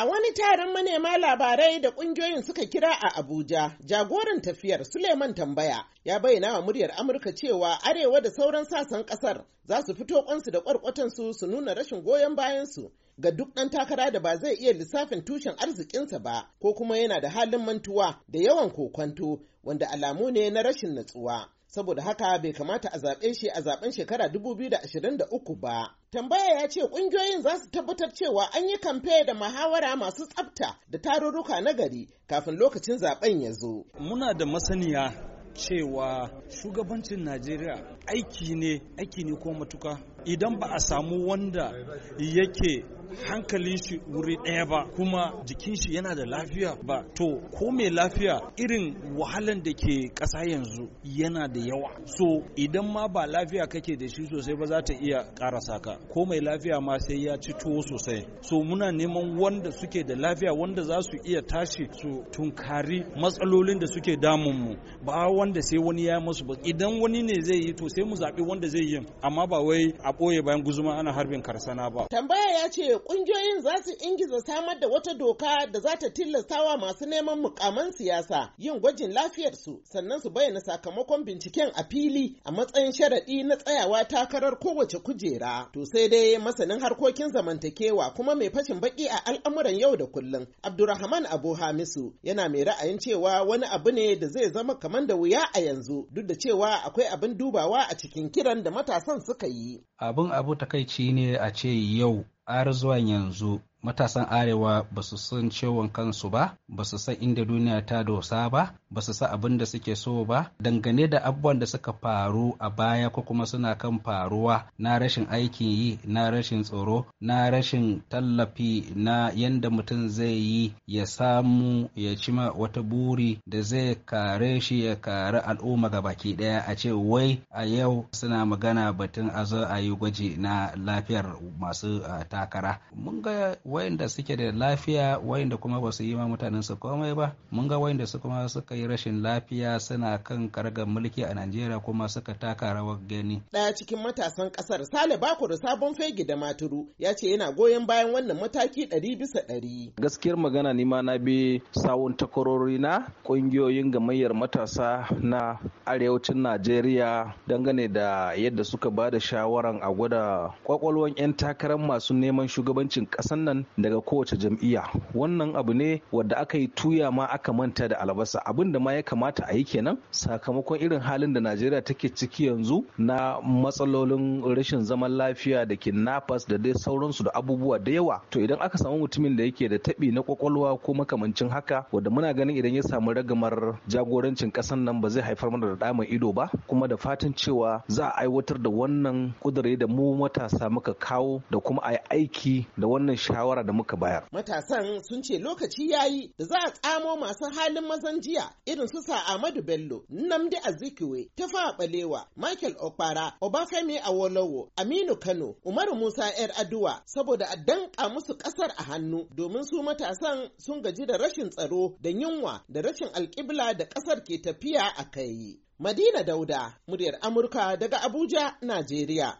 A wani taron manema labarai da kungiyoyin suka kira a Abuja, jagoran tafiyar Suleiman Tambaya ya bayyana wa muryar Amurka cewa Arewa da sauran sasan kasar za su fito kwansu da kwarkwatansu su nuna rashin goyon bayansu ga duk ɗan takara da ba zai iya lissafin tushen arzikinsa ba ko kuma yana da halin mantuwa da yawan kokwanto wanda alamu ne na rashin natsuwa. saboda haka bai kamata a zaɓe shi a zaɓen shekara 2023 ba. Tambaya ya ce ƙungiyoyin za su tabbatar cewa an yi kamfe da muhawara masu tsafta da tarurruka na gari kafin lokacin zaɓen ya zo. Muna da masaniya cewa shugabancin Najeriya aiki ne aiki ne ko matuka idan ba a samu wanda yake hankalin shi wuri ɗaya ba kuma jikin shi yana da lafiya ba to ko mai lafiya irin wahalan da ke ƙasa yanzu yana da yawa so idan ma ba lafiya kake da shi sosai ba za ta iya ƙarasa ka ko mai lafiya ma sai ya ci tuwo sosai so muna neman wanda suke da lafiya wanda za su iya tashi su tunkari matsalolin da suke damunmu ba wanda sai wani ya musu ba idan wani ne zai yi to sai mu zaɓi wanda zai yi amma ba wai a ɓoye bayan guzuma ana harbin karsana ba tambaya ya ce da kungiyoyin za su ingiza samar da wata doka da za ta tilastawa masu neman mukaman siyasa yin gwajin lafiyarsu sannan su bayyana sakamakon binciken a fili a matsayin sharaɗi na tsayawa takarar kowace kujera. To sai dai masanin harkokin zamantakewa kuma mai fashin baki a al'amuran yau da kullum Abdurrahman Abu Hamisu yana mai ra'ayin cewa wani abu ne da zai zama kamar da wuya a yanzu duk da cewa akwai abin dubawa a cikin kiran da matasan suka yi. Abin abu takaici ne a ce yau har zuwa yanzu matasan arewa ba su san ciwon kansu ba ba su san inda duniya ta dosa ba ba su sa abin da suke so ba dangane da abubuwan da suka faru a baya ko kuma suna kan faruwa na rashin aikin yi na rashin tsoro na rashin tallafi na yadda mutum zai yi ya samu ya cima wata buri da zai kare shi ya kare al'umma ga baki daya a ce wai a yau suna magana batun a zo a yi gwaji na lafiyar masu takara mun ga wayanda suke da lafiya wayanda kuma ba su yi ma mutanen su komai ba mun ga wayanda su kuma suka Akwai rashin lafiya suna kan kargar mulki a Najeriya kuma suka taka rawar gani. Ɗaya cikin matasan ƙasar Sale Bakuru Sabon Fegi da Maturu ya ce yana goyon bayan wannan mataki ɗari bisa ɗari. Gaskiyar magana ni na bi sawun takwarori na ƙungiyoyin gamayyar matasa na arewacin Najeriya dangane da yadda suka ba da shawaran a gwada kwakwalwan 'yan takarar masu neman shugabancin ƙasar nan daga kowace jam'iyya. Wannan abu ne wadda aka yi tuya ma aka manta da albasa abin abin da ma ya kamata a yi kenan sakamakon irin halin da najeriya take ciki yanzu na matsalolin rashin zaman lafiya da kidnappers da dai sauransu da abubuwa da yawa to idan aka samu mutumin da yake da taɓi na kwakwalwa ko makamancin haka wanda muna ganin idan ya samu ragamar jagorancin kasan nan ba zai haifar mana da damar ido ba kuma da fatan cewa za a aiwatar da wannan kudure da mu matasa muka kawo da kuma a yi aiki da wannan shawara da muka bayar matasan sun ce lokaci yayi da za a tsamo masu halin mazan jiya irin su sa Ahmadu Bello, Nnamdi Azikiwe, Tafa Balewa, Michael Okpara, Obafemi Awolowo, Aminu Kano, Umaru Musa ‘yar Aduwa saboda a danƙa musu ƙasar a hannu domin su matasan sun gaji da rashin tsaro da yunwa da rashin alƙibla da ƙasar ke tafiya a kai. Madina Dauda, muryar Amurka daga Abuja, Najeriya.